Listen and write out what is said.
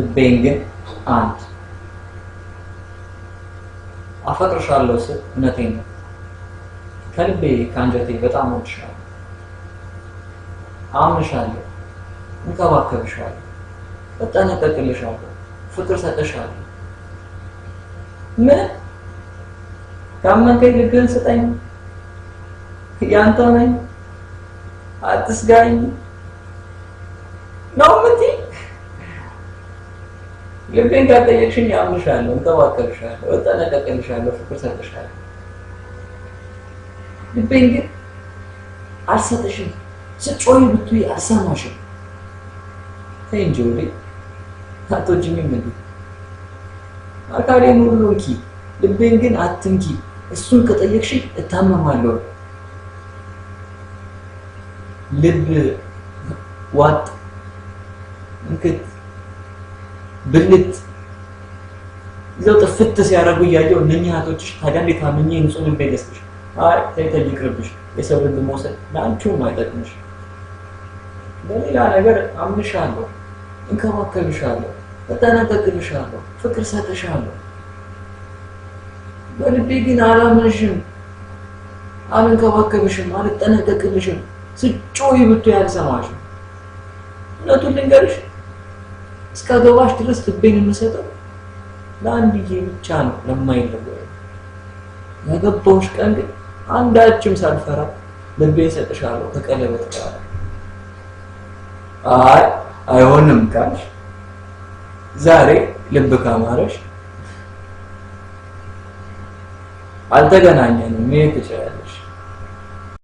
ልቤን ግን አንድ አፈቅርሻለሁ ስል እውነቴን ነው። ከልቤ ከአንጀቴ በጣም እወድሻለሁ፣ አምንሻለሁ፣ እንከባከብሻለሁ፣ እጠነቀቅልሻለሁ፣ ፍቅር ሰጥሻለሁ። ምን ካመንከኝ ልብህን ስጠኝ፣ ያንተ ነኝ፣ አትስጋኝ ነው ምንቴ ልቤን ካልጠየቅሽኝ አምንሻለሁ፣ እንከባከብሻለሁ፣ እጠነቀቅልሻለሁ፣ ፍቅር ሰጥሻለሁ። ልቤን ግን አልሰጥሽም። ስጮይ ብትይ አልሰማሽም። ተይ እንጂ ወዴ አትወጂኝም እንዴ? አካሌን ሁሉ እንኪ፣ ልቤን ግን አትንኪ። እሱን ከጠየቅሽኝ እታመማለሁ። ልብ ዋጥ እንክት ብልት ይዘው ጥፍት ሲያደርጉ እያየው እነኛ እህቶችሽ ታዲያ እንዴት አምኜ ንጹህ ልብ ይገስብሽ? አይ ተይ ይቅርብሽ፣ የሰው ልብ መውሰድ ለአንቺውም አይጠቅምሽ። በሌላ ነገር አምንሻለሁ፣ እንከባከብሻለሁ፣ እጠነቀቅልሻለሁ፣ ፍቅር ሰጥሻለሁ። በልቤ ግን አላምንሽም፣ አልንከባከብሽም፣ አልጠነቀቅልሽም። ስጮህ ብቱ ያልሰማሽም። እውነቱን ልንገርሽ እስከ ገባሽ ድረስ ልቤን የምሰጠው ለአንድ ጊዜ ብቻ ነው ለማይለወጥ ያገባሁሽ ቀን ግን አንዳችም ሳልፈራ ልቤን ሰጥሻለሁ ከቀለበት ጋር አይ አይሆንም ካልሽ ዛሬ ልብ ካማረሽ አልተገናኘንም መሄድ ትችላለሽ